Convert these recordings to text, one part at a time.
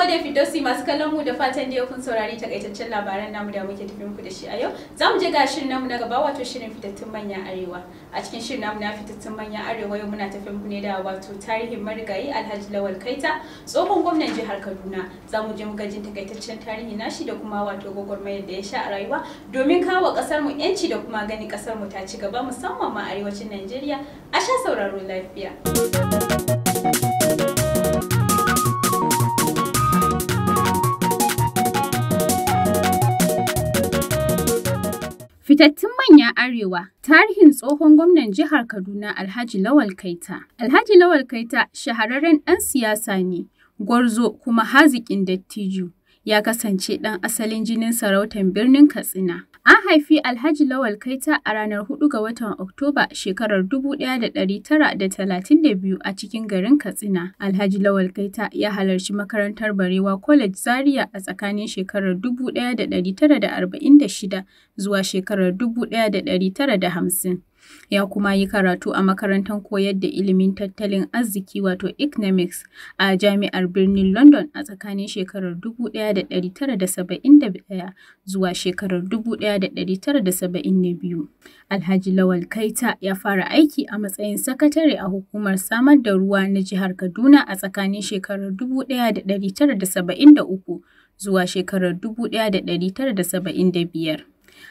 gode fitosi masu kallon mu da fatan da kun saurari takaitaccen labaran namu da muke tafi muku da shi a yau. Za mu je ga shirin namu na gaba wato shirin fitattun manya arewa. A cikin shirin namu na fitattun manya arewa yau muna tafi muku ne da wato tarihin marigayi Alhaji Lawal Kaita tsohon gwamnan jihar Kaduna. Za mu je mu gajin takaitaccen tarihi nashi da kuma wato gwagwarmayar da ya sha a rayuwa domin kawo kasar mu yanci da kuma gani kasar mu ta ci gaba musamman ma arewacin Najeriya. A sha sauraron lafiya. Fitattun Manya Arewa Tarihin tsohon gwamnan jihar Kaduna Alhaji Lawal Kaita Alhaji Lawal Kaita shahararren ɗan siyasa ne, gwarzo kuma haziƙin dattijo. ya kasance ɗan asalin jinin sarautar birnin Katsina. An haifi Alhaji Lawal Kaita a ranar 4 ga watan Oktoba shekarar 1932 a cikin garin Katsina. Alhaji Lawal Kaita ya halarci makarantar Barewa College Zaria a tsakanin shekarar 1946 zuwa shekarar 1950. Ya kuma yi karatu a makarantar koyar da ilimin tattalin arziki wato Economics a Jami'ar Birnin London a tsakanin shekarar 1971 zuwa shekarar 1972. Alhaji Lawal Kaita ya fara aiki a matsayin sakatare a Hukumar Samar da Ruwa na Jihar Kaduna a tsakanin shekarar 1973 zuwa shekarar 1975.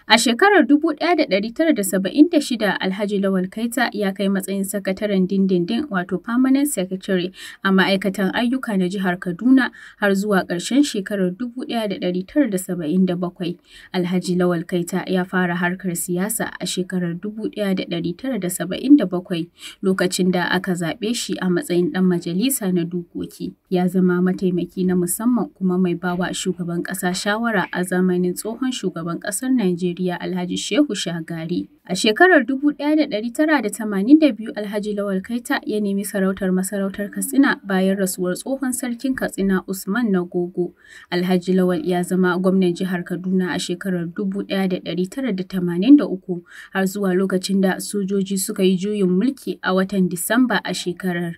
A shekarar 1976, Alhaji Lawal Kaita ya kai matsayin sakataren dindindin wato permanent secretary a ma'aikatan ayyuka na jihar Kaduna har zuwa ƙarshen shekarar 1977. Alhaji Lawal Kaita ya fara harkar siyasa a shekarar 1977 lokacin da aka zaɓe shi a matsayin ɗan majalisa na dokoki. Ya zama mataimaki na musamman kuma mai bawa shugaban ƙasa shawara a zamanin tsohon shugaban ƙasar Najeriya. Najeriya Alhaji Shehu Shagari. A shekarar 1982 Alhaji Lawal Kaita ya nemi sarautar masarautar Katsina bayan rasuwar tsohon sarkin Katsina Usman Nagogo. Alhaji Lawal ya zama gwamnan jihar Kaduna a shekarar 1983 har zuwa lokacin da sojoji suka yi juyin mulki a watan Disamba a shekarar.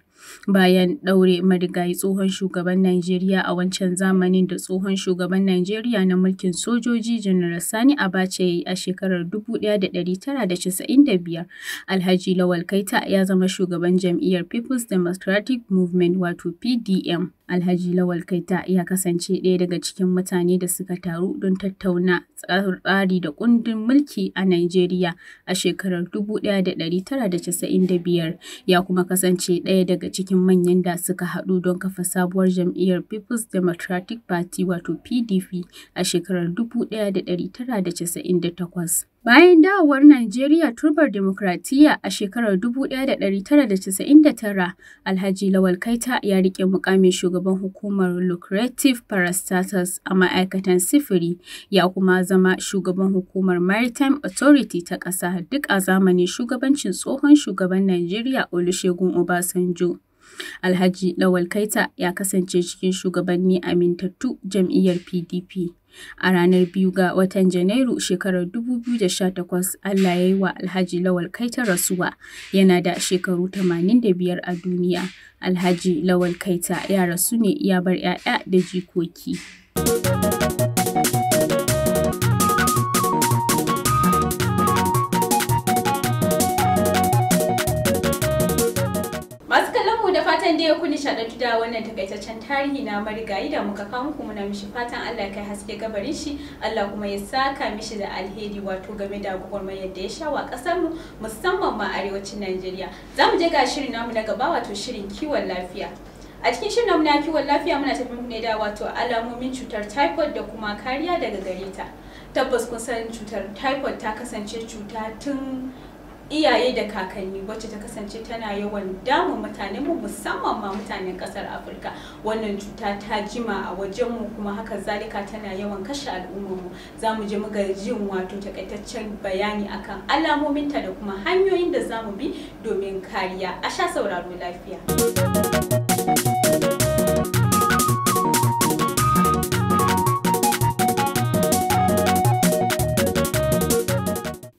bayan ɗaure marigayi tsohon shugaban Najeriya a wancan zamanin da tsohon shugaban Najeriya na mulkin sojoji Janaral Sani Abacha ya yi a shekarar 1995. Alhaji Lawal Kaita ya zama shugaban jam'iyyar People's Democratic Movement wato PDM. Alhaji Lawal Kaita ya kasance ɗaya daga cikin mutane da suka taru don tattauna tsari da kundin mulki a Najeriya a shekarar 1995, ya kuma kasance ɗaya daga cikin manyan da suka haɗu don kafa sabuwar jam'iyyar People's Democratic Party wato PDP a shekarar 1998. Bayan dawowar Najeriya turbar dimokuraɗiyya a shekarar 1999, Alhaji Lawal Kaita ya riƙe muƙamin shugaban hukumar Lucrative Parastatals a ma'aikatan sifiri, ya kuma zama shugaban hukumar Maritime Authority ta ƙasa duk a zamanin shugabancin tsohon shugaban Najeriya Olusegun Obasanjo. Alhaji Lawal Kaita ya kasance cikin shugabanni amintattu jam'iyyar PDP. A ranar biyu ga watan Janairu shekarar 2018, Allah ya yi wa Alhaji Lawal Kaita rasuwa, yana da shekaru 85 a duniya. Alhaji Lawal Kaita ya rasu ne ya bar 'ya'ya da jikoki. fatan dai kuni nishaɗantu da wannan takaitaccen tarihi na marigayi da muka kawo muku muna mishi fatan Allah ya kai haske gabarin shi Allah kuma ya saka mishi da alheri wato game da gwagwarmayar da ya sha wa ƙasar mu musamman ma arewacin Najeriya za mu je ga shirin namu na gaba wato shirin kiwon lafiya a cikin shirin namu na kiwon lafiya muna tafi muku ne da wato alamomin cutar typhoid da kuma kariya daga gareta tabbas kun san cutar typhoid ta kasance cuta tun iyaye da kakanni wacce ta kasance tana yawan damun mutane mu musamman ma mutanen kasar afirka wannan cuta ta jima a wajen mu kuma haka zalika tana yawan kashe al'ummar mu za mu je muga jin wato takaitaccen bayani akan alamominta da kuma hanyoyin da za mu bi domin kariya a sha sauraro lafiya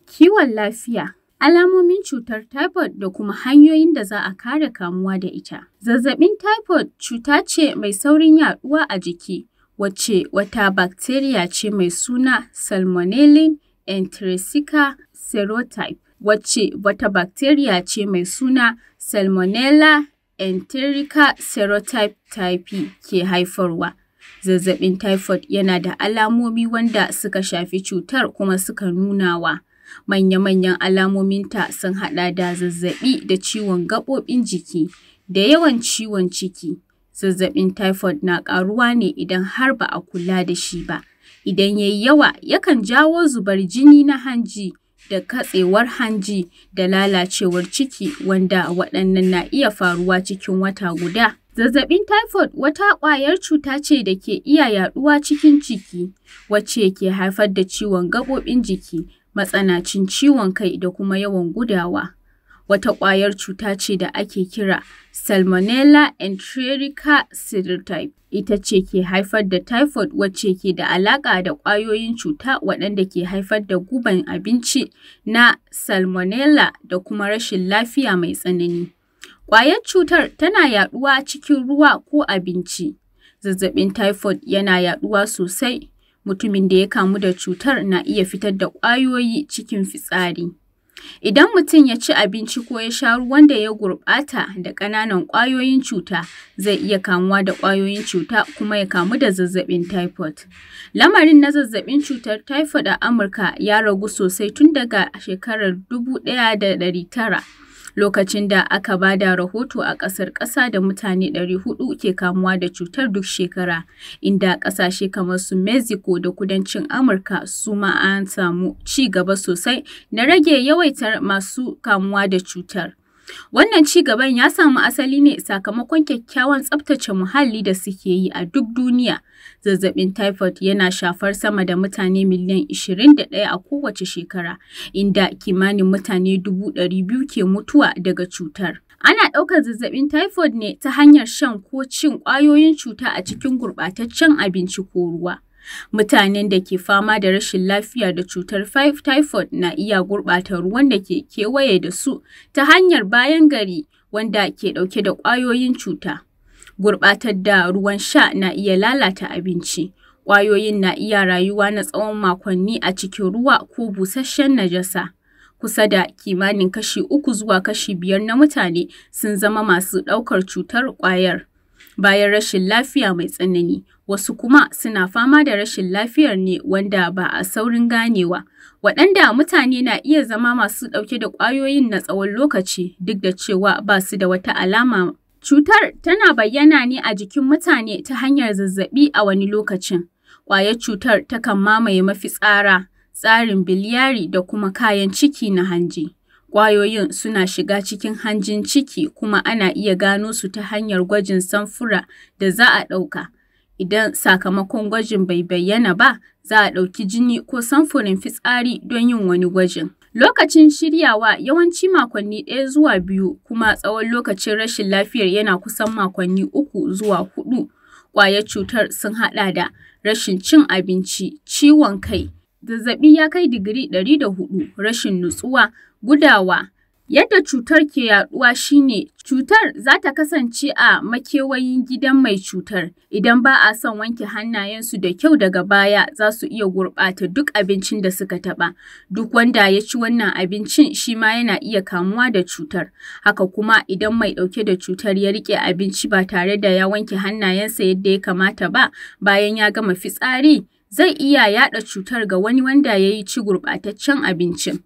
Kiwon lafiya alamomin cutar typhoid da kuma hanyoyin da za a kare kamuwa da ita. Zazzabin typhoid cuta ce mai saurin yaɗuwa a jiki, wacce wata bacteria ce mai suna Salmonellin enterica serotype, wacce wata bacteria ce mai suna Salmonella enterica serotype type ke haifarwa. Zazzabin typhoid yana da alamomi wanda suka shafi cutar kuma suka nunawa. Manya-manyan alamominta sun haɗa da zazzaɓi da ciwon gaɓoɓin jiki, da yawan ciwon ciki. Zazzaɓin typhoid na ƙaruwa ne idan har ba a kula da shi ba. Idan ya yi yawa, yakan jawo zubar jini na hanji, da katsewar hanji, da lalacewar ciki, wanda waɗannan na iya faruwa cikin wata guda. Zazzaɓin typhoid wata ƙwayar cuta ce da ke iya yaɗuwa cikin ciki, wacce ke haifar da ciwon gaɓoɓin jiki, matsanancin ciwon kai da kuma yawan gudawa. Wata ƙwayar cuta ce da ake kira Salmonella enterica serotype, ita ce ke haifar da typhoid wacce ke da alaƙa da ƙwayoyin cuta waɗanda ke haifar da guban abinci na Salmonella da kuma rashin lafiya mai tsanani. Ƙwayar cutar tana yaɗuwa cikin ruwa ko abinci. Zazzaɓin typhoid yana yaɗuwa sosai mutumin da ya kamu da cutar na iya fitar da ƙwayoyi cikin fitsari. Idan mutum ya ci abinci ko ya sha ruwan da ya gurɓata da ƙananan ƙwayoyin cuta, zai iya kamuwa da ƙwayoyin cuta kuma ya kamu da zazzaɓin typhoid. Lamarin na zazzaɓin cutar typhoid a Amurka ya ragu sosai tun daga shekarar tara lokacin da aka ba da rahoto a ƙasar ƙasa da mutane 400 ke kamuwa da cutar duk shekara, inda ƙasashe kamar su Mexico da kudancin Amurka su ma an samu ci gaba sosai na rage yawaitar masu kamuwa da cutar. Wannan ci gaban ya samu asali ne sakamakon kyakkyawan tsabtace muhalli da suke yi a duk duniya Zazzabin typhoid yana shafar sama da mutane miliyan 21 a kowace shekara, inda kimanin mutane 200,000 ke mutuwa daga cutar. Ana ɗaukar zazzabin typhoid ne ta hanyar shan ko cin ƙwayoyin cuta a cikin gurɓataccen abinci ko ruwa. Mutanen da ke fama da rashin lafiya da cutar typhoid na iya gurɓata ruwan da ke kewaye da su ta hanyar bayan gari wanda ke ɗauke da ƙwayoyin cuta. Gurɓatar da ruwan sha na iya lalata abinci. Ƙwayoyin na iya rayuwa na tsawon makonni a cikin ruwa ko busasshen najasa. Kusa da kimanin kashi uku zuwa kashi biyar na mutane sun zama masu ɗaukar cutar ƙwayar bayan rashin lafiya mai tsanani, wasu kuma suna fama da rashin lafiyar ne wanda ba a saurin ganewa. Waɗanda mutane na iya zama masu ɗauke da ƙwayoyin na tsawon lokaci duk da cewa ba su da wata alama Cutar tana bayyana ne a jikin mutane ta hanyar zazzaɓi a wani lokacin. Ƙwayar cutar takan mamaye mafitsara, tsarin biliyari da kuma kayan ciki na hanji. Ƙwayoyin suna shiga cikin hanjin ciki kuma ana iya gano su ta hanyar gwajin samfura da za a ɗauka. Idan sakamakon gwajin bai bayyana ba, za a ɗauki jini ko samfurin fitsari don yin wani gwajin. Lokacin shiryawa yawanci makonni ɗaya zuwa biyu kuma tsawon lokacin rashin lafiyar yana kusan makonni uku zuwa hudu Ƙwayar cutar sun haɗa da rashin cin abinci, ciwon kai, zazzaɓi ya kai digiri 104, rashin nutsuwa, gudawa. Yadda cutar ke yaɗuwa shi ne cutar za ta kasance a makewayin gidan mai cutar, idan ba a son wanke hannayensu da kyau daga baya za su iya gurɓata duk abincin da suka taɓa, duk wanda ya ci wannan abincin shi ma yana iya kamuwa da cutar, haka kuma idan mai ɗauke da cutar ya riƙe abinci ba tare da ya wanke hannayensa yadda ya kamata ba bayan ya gama fitsari zai iya yaɗa cutar ga wani wanda ya ci gurɓataccen abincin.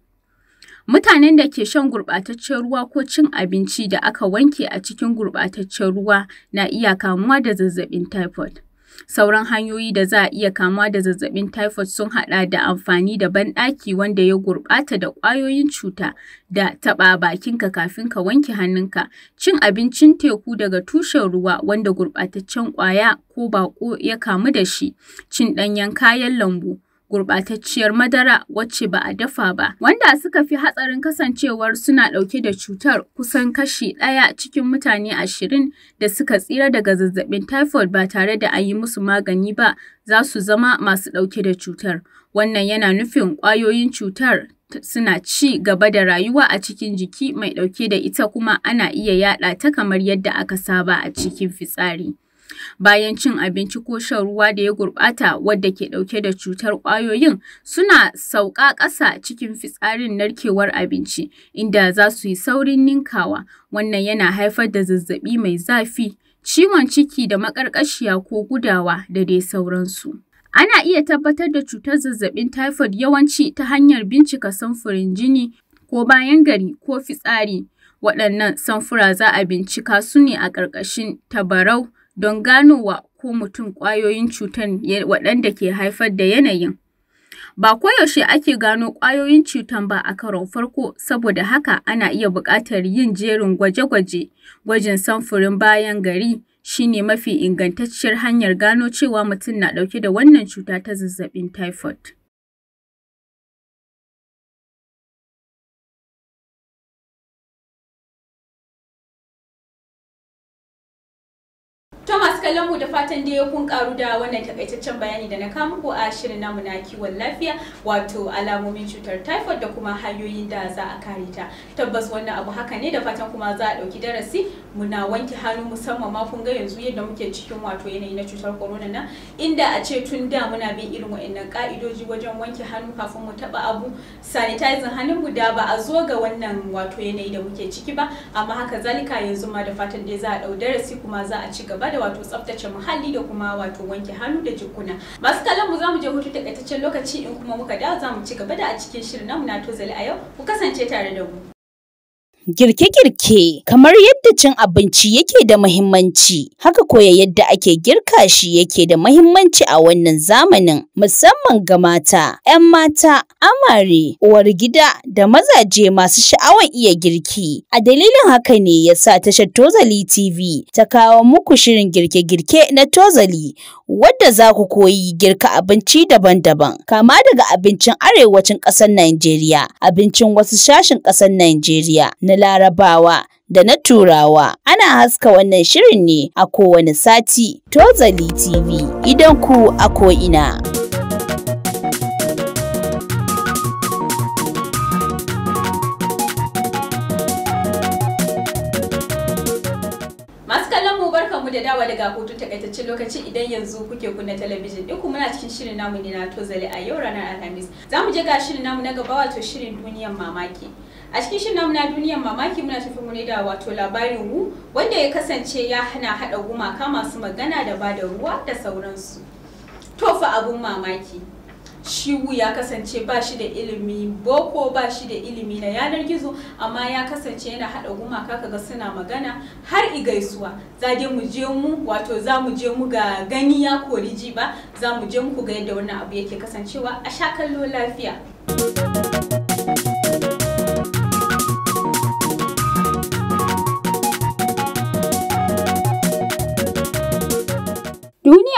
Mutanen da ke shan gurɓataccen ruwa ko cin abinci da aka wanke a cikin gurɓataccen ruwa na iya kamuwa da zazzaɓin taifot. Sauran hanyoyi da za a iya kamuwa da zazzabin taifot sun haɗa da amfani da banɗaki wanda ya gurɓata da ƙwayoyin cuta da taɓa bakinka kafin ka wanke hannunka, cin abincin teku daga tushen ruwa wanda gurɓataccen ƙwaya ko baƙo ya kamu da shi, cin ɗanyen kayan lambu, gurbatacciyar madara wacce ba a dafa ba, wanda suka fi hatsarin kasancewar suna ɗauke da cutar kusan kashi ɗaya cikin mutane ashirin da suka tsira daga zazzabin typhoid ba tare da an yi musu magani ba za su zama masu ɗauke da cutar. Wannan yana nufin ƙwayoyin cutar suna ci gaba da rayuwa a cikin jiki mai ɗauke da ita kuma ana iya yaɗa ta kamar yadda aka saba a cikin fitsari. Bayan cin abinci ko shan ruwa da ya gurɓata wadda ke ɗauke da cutar ƙwayoyin suna sauka ƙasa cikin fitsarin narkewar abinci, inda za su yi saurin ninkawa. Wannan yana haifar da zazzaɓi mai zafi, ciwon ciki da maƙarƙashiya ko gudawa da dai sauransu. Ana iya tabbatar da cutar zazzabin taifod yawanci ta hanyar bincika samfurin jini ko bayan gari ko fitsari. Waɗannan samfura za a bincika su ne a ƙarƙashin tabarau don ganowa ko mutum ƙwayoyin cutan waɗanda ke haifar da yanayin. Ba koyaushe ake gano ƙwayoyin cutan ba a karon farko, saboda haka ana iya buƙatar yin jerin gwaje-gwaje. Gwajin samfurin bayan gari shine mafi ingantacciyar hanyar gano cewa mutum na ɗauke da wannan cuta ta zazzabin taifot. kallon mu da fatan dai kun karu da wannan takaitaccen bayani da na kawo muku a shirin namu na kiwon lafiya wato alamomin cutar typhoid da kuma hanyoyin da za a kare ta. Tabbas wannan abu haka ne da fatan kuma za a dauki darasi muna wanke hannu musamman ma kun ga yanzu yadda muke cikin wato yanayi na cutar corona nan inda a ce tun da muna bin irin wa'annan ka'idoji wajen wanke hannu kafin mu taba abu sanitizing hannun mu da ba a zo ga wannan wato yanayi da muke ciki ba amma haka zalika yanzu ma da fatan dai za a dau darasi kuma za a ci gaba da wato tsaftace muhalli da kuma wato wanke hannu da jikuna masu kallon mu za mu je hutu takaitaccen lokaci in kuma muka da za mu ci gaba da a cikin shirin namu na tozali a yau ku kasance tare da mu girke-girke kamar yadda yadda cin abinci yake da muhimmanci, haka koya yadda ake girka shi yake da muhimmanci a wannan zamanin musamman ga mata, ‘yan mata, amare, uwar gida da mazaje masu sha'awar iya girki. A dalilin haka ne ya sa tashar Tozali TV ta kawo muku shirin girke-girke na Tozali wadda za ku koyi girka abinci daban-daban, kama daga abincin arewacin ƙasar Najeriya, abincin wasu sashen ƙasar Najeriya na Larabawa da na Turawa. Ana haska wannan shirin ne a kowane sati. Tozali TV, idan ku a ko'ina. mu da dawa daga hutun takaitaccen lokaci idan yanzu kuke kunna talabijin din kuma muna cikin shirin namu ne na tozali a yau ranar alhamis za mu je ga shirin namu na gaba wato shirin duniyar mamaki a cikin shirin namu na duniyar mamaki muna tafi mu ne da wato labarin wu wanda ya kasance ya hana hada gumaka masu magana da bada ruwa da sauransu to fa abun mamaki shi wu ya kasance ba shi da ilimi boko ba shi da ilimi na yanar gizo amma ya kasance yana hada gumaka kaga suna magana har igaisuwa za je mu je mu wato za mu je mu ga gani ya kori ji ba za mu je mu ga yadda wannan abu yake kasancewa a sha kallo lafiya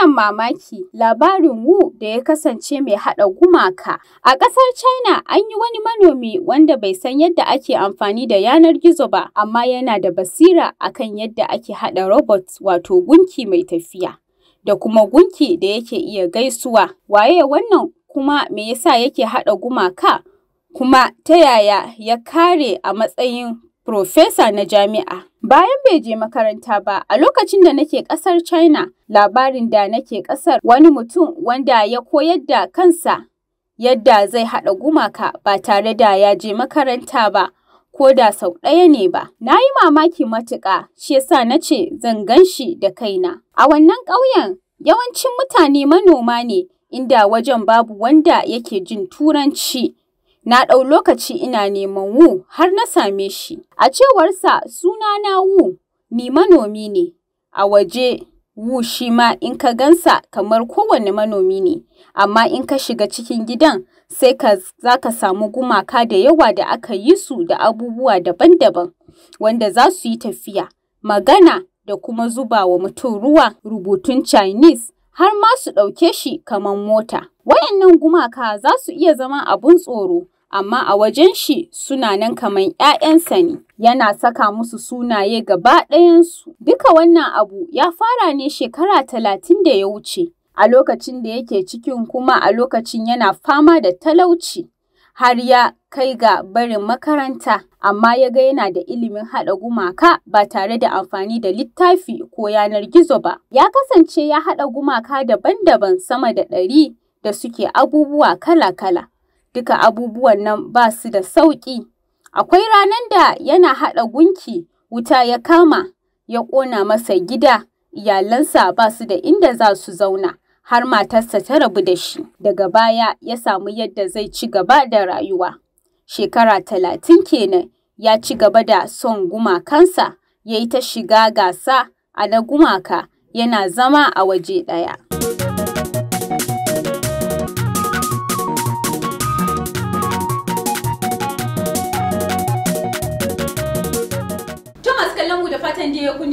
wannan mamaki labarin Wu da ya kasance mai haɗa gumaka. A ƙasar China an yi wani manomi wanda bai san yadda ake amfani da yanar gizo ba amma yana da basira akan yadda ake haɗa robot wato gunki mai tafiya da kuma gunki da yake iya gaisuwa. Waye wannan kuma me yasa yake haɗa gumaka? Kuma ta yaya ya kare a matsayin Profesa na jami'a. Bayan bai je makaranta ba, a lokacin da nake ƙasar China, labarin da nake ƙasar wani mutum wanda ya koyar da kansa yadda zai haɗa gumaka ba tare da ya je makaranta ba, ko da sau ɗaya ne ba. Na yi mamaki matuƙa, shi yasa na ce zan gan shi da kaina. A wannan ƙauyen, yawancin mutane manoma ne, inda wajen babu wanda yake jin Turanci. Na ɗau lokaci ina neman Wu har na same shi. A cewarsa sunana Wu, ni manomi ne. A waje Wu shi ma in ka gansa kamar kowane manomi ne, amma in ka shiga cikin gidan sai ka za ka samu gumaka da yawa da aka yi su da abubuwa daban-daban wanda za su yi tafiya, magana da kuma zuba wa mutum ruwa rubutun Chinese har ma su ɗauke shi kamar mota. Wayannan gumaka za su iya zama abun tsoro amma a wajen shi suna nan kamar ‘ya'yansa ne, yana saka musu sunaye gaba ɗayansu. Duka wannan abu ya fara ne shekara talatin da ya wuce, a lokacin da yake cikin kuma a lokacin yana fama da talauci, har ya kai ga barin makaranta, amma ya ga yana da ilimin haɗa gumaka ba tare da amfani da littafi ko yanar gizo ba. Ya kasance ya haɗa gumaka daban-daban sama da ɗari da suke abubuwa kala-kala. duka abubuwan nan ba su da sauƙi. Akwai ranan da yana haɗa gunki, wuta ya kama, ya ƙona masa gida, iyalansa ba su da inda za su zauna, har matarsa ta rabu da shi. Daga baya ya samu yadda zai ci gaba da rayuwa. Shekara talatin kenan ya ci gaba da son gumakansa, ya yi ta shiga gasa a na gumaka, yana zama a waje ɗaya.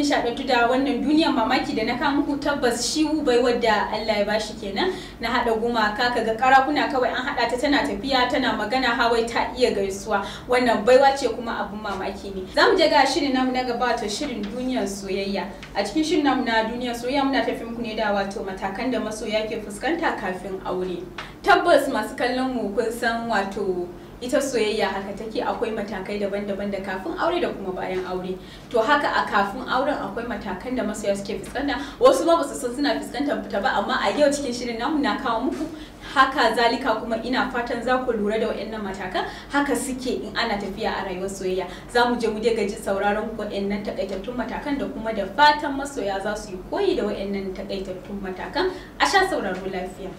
nishadantu da wannan duniyar mamaki da na ka muku tabbas shiwu bai wadda Allah ya ba shi kenan na hada gumaka kaga kuna kawai an haɗa ta tana tafiya tana magana hawai ta iya gaisuwa wannan baiwa ce kuma abun mamaki ne zamu je ga shirin namu na gaba to shirin duniyar soyayya a cikin shirin namu na duniyar soyayya muna tafi muku ne da wato matakan da masoya ke fuskanta kafin aure tabbas masu kallon mu kun san wato ita soyayya haka take akwai matakai daban-daban da kafin aure da kuma bayan aure to haka a kafin auren akwai matakan da masoya suke fuskanta wasu ba su san suna fuskantar fita ba amma a yau cikin shirin namu na kawo muku haka zalika kuma ina fatan za ku lura da waɗannan matakan haka suke in ana tafiya a rayuwar soyayya za mu je mu je gaji sauraron waɗannan takaitattun matakan da kuma da fatan masoya za su yi koyi da waɗannan takaitattun matakan a sha sauraro lafiya.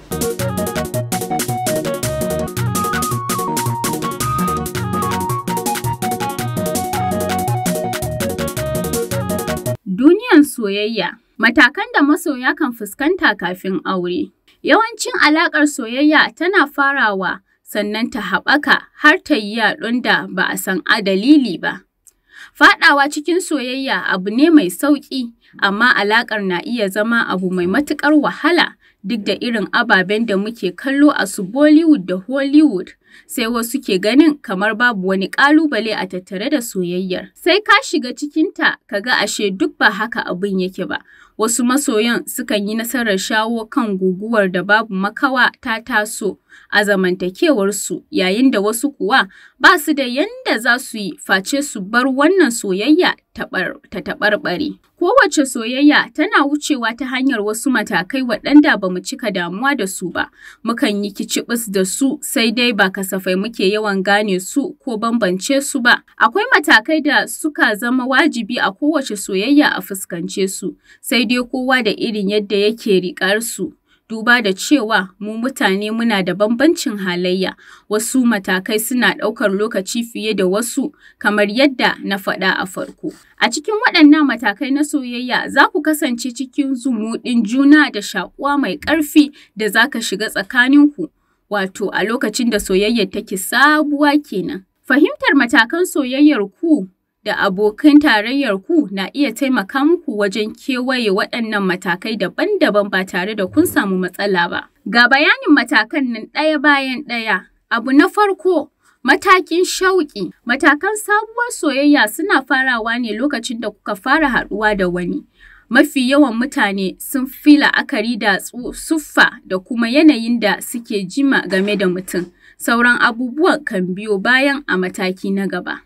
soyayya. Matakan da masoya kan fuskanta kafin aure. Yawancin alaƙar soyayya tana farawa sannan ta haɓaka har ta yi yaɗon da ba a san a dalili ba. Faɗawa cikin soyayya abu ne mai sauƙi, amma alaƙar na iya zama abu mai matuƙar wahala duk da irin ababen da muke kallo a su Bollywood da Hollywood, sai wasu ke ganin kamar babu wani ƙalubale a tattare da soyayyar. Sai ka shiga cikinta ka ga ashe duk ba haka abin yake ba. Wasu masoyan sukan yi nasarar shawo kan guguwar da babu makawa ta taso. a zamantakewarsu yayin da wasu kuwa ba su da yanda za su yi face su bar wannan soyayya ta taɓarɓare. Kowace soyayya tana wucewa ta hanyar wasu matakai waɗanda ba mu cika damuwa da su ba, mukan yi kicibis da su sai dai ba kasafai muke yawan gane su ko bambance su ba. Akwai matakai da suka zama wajibi a kowace soyayya a fuskance su, sai dai kowa da irin yadda yake riƙar su. duba da cewa mu mutane muna da bambancin halayya, wasu matakai suna ɗaukar lokaci fiye da wasu kamar yadda na faɗa a farko. A cikin waɗannan matakai na soyayya za ku kasance cikin zumuɗin juna da shaƙuwa mai ƙarfi da za ka shiga tsakaninku, wato a lokacin da soyayyar take sabuwa kenan. Fahimtar matakan soyayyar ku da abokan tarayyar ku na iya taimaka muku wajen kewaye waɗannan matakai daban-daban ba tare da kun samu matsala ba. Ga bayanin matakan nan ɗaya bayan ɗaya. Abu na farko, matakin shauƙi. Matakan sabuwar soyayya suna farawa ne lokacin da kuka fara haɗuwa da wani. mafi yawan mutane sun fi la'akari da siffa da kuma yanayin da suke jima game da mutum, sauran abubuwan kan biyo bayan a mataki na gaba.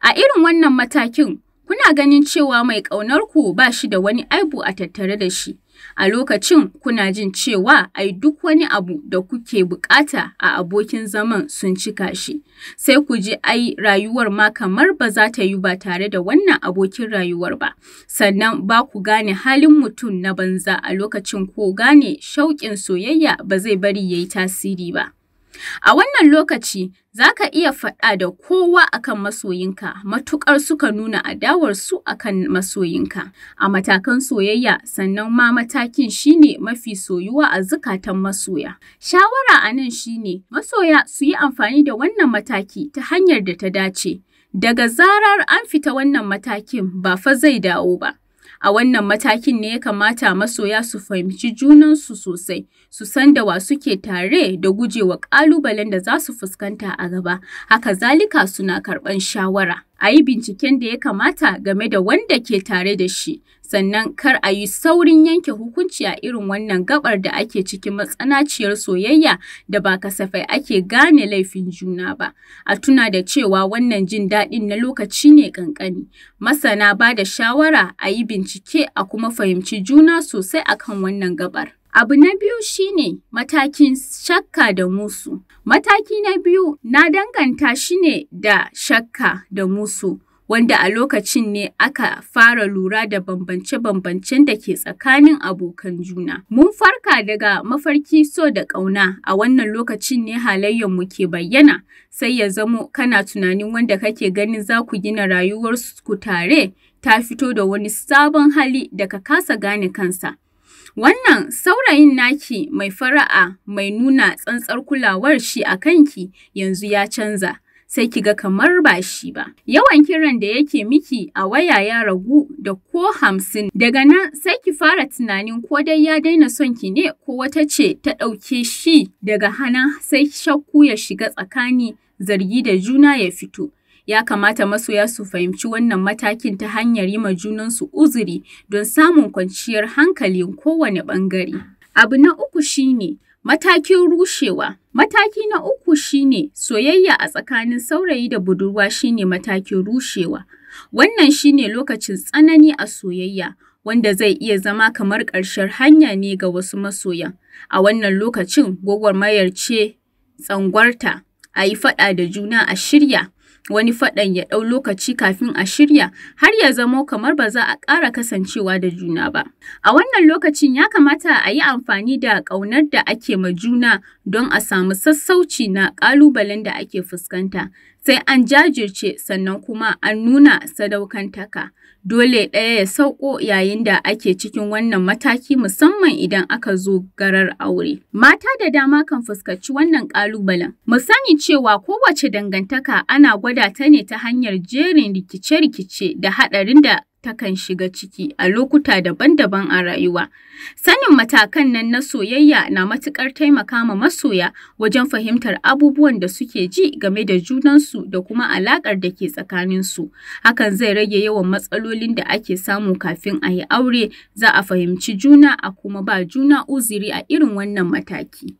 A irin wannan matakin, kuna ganin cewa mai ƙaunarku ba shi da wani aibu a tattare da shi. A lokacin kuna jin cewa ai duk wani abu da kuke buƙata a abokin zaman sun cika shi, sai ku ji ai rayuwar ma kamar ba za ta yi ba tare da wannan abokin rayuwar ba, sannan ba ku gane halin mutum na banza a lokacin ko gane shauƙin soyayya ba zai bari ya yi tasiri ba. A wannan lokaci, za ka iya faɗa da kowa akan masoyinka matuƙar suka nuna adawar adawarsu akan masoyinka. A matakan soyayya sannan ma matakin shine mafi soyuwa a zukatan masoya. Shawara a nan shine masoya su yi amfani da wannan mataki ta hanyar da ta dace. Daga zarar an fita wannan matakin ba fa zai dawo ba. A wannan matakin ne ya kamata masoya su fahimci junansu sosai, su san da wa suke tare da gujewa ƙalubalen da za su fuskanta a gaba, haka zalika suna karɓan shawara. A yi binciken da ya kamata game da wanda ke tare da shi, sannan kar a yi saurin yanke hukunci a irin wannan gabar da ake cikin matsanaciyar soyayya da ba kasafai ake gane laifin juna ba a tuna da cewa wannan jin daɗin na lokaci ne ƙanƙani masana ba da shawara a yi bincike a kuma fahimci juna sosai akan wannan gabar Abu na biyu shine matakin shakka da musu. Mataki na biyu na danganta shi ne da shakka da musu. wanda a lokacin ne aka fara lura da bambance-bambancen da ke tsakanin abokan juna. Mun farka daga mafarki so da ƙauna a wannan lokacin ne mu ke bayyana sai ya zamo kana tunanin wanda kake ganin za ku gina rayuwarsu ku tare ta fito da wani sabon hali da ka kasa gane kansa. Wannan saurayin naki mai fara'a mai nuna tsantsar kulawar shi a kanki yanzu ya canza. sai ki ga kamar ba shi ba. Yawan kiran da yake miki a waya ya ragu da ko hamsin. Daga nan sai ki fara tunanin ko dai ya daina son ki ne ko wata ce ta ɗauke shi daga hana sai shakku ya shiga tsakani zargi da juna ya fito. Ya kamata masoya su fahimci wannan matakin ta hanyar yi ma junansu uzuri don samun kwanciyar hankali kowane ɓangare. Abu na uku shine Matakin rushewa Mataki na uku shi ne soyayya a tsakanin saurayi da budurwa shi ne matakin rushewa. Wannan shi ne lokacin tsanani a soyayya, wanda zai iya zama kamar ƙarshen hanya ne ga wasu masoyan. A wannan lokacin, gwagwarmayar ce tsangwarta, a yi faɗa da juna a shirya, wani faɗan ya ɗau lokaci kafin a shirya har ya zamo kamar ba za a ƙara kasancewa da juna ba. A wannan lokacin ya kamata a yi amfani da ƙaunar da ake ma juna don a samu sassauci na ƙalubalen da ake fuskanta, sai an jajirce sannan kuma an nuna sadaukantaka. Dole ɗaya ya sauko yayin da ake cikin wannan mataki musamman idan aka zo garar aure. Mata da dama kan fuskaci wannan ƙalubalen. Mu sani cewa kowace dangantaka ana gwada ta ne ta hanyar jerin rikice-rikice da haɗarin da takan shiga ciki a lokuta daban-daban a rayuwa. Sanin matakan nan na soyayya na matuƙar taimaka ma masoya wajen fahimtar abubuwan da suke ji game da junansu da kuma alaƙar da ke tsakaninsu. Hakan zai rage yawan matsalolin da ake samu kafin a yi aure, za a fahimci juna a kuma ba juna uziri a irin wannan mataki.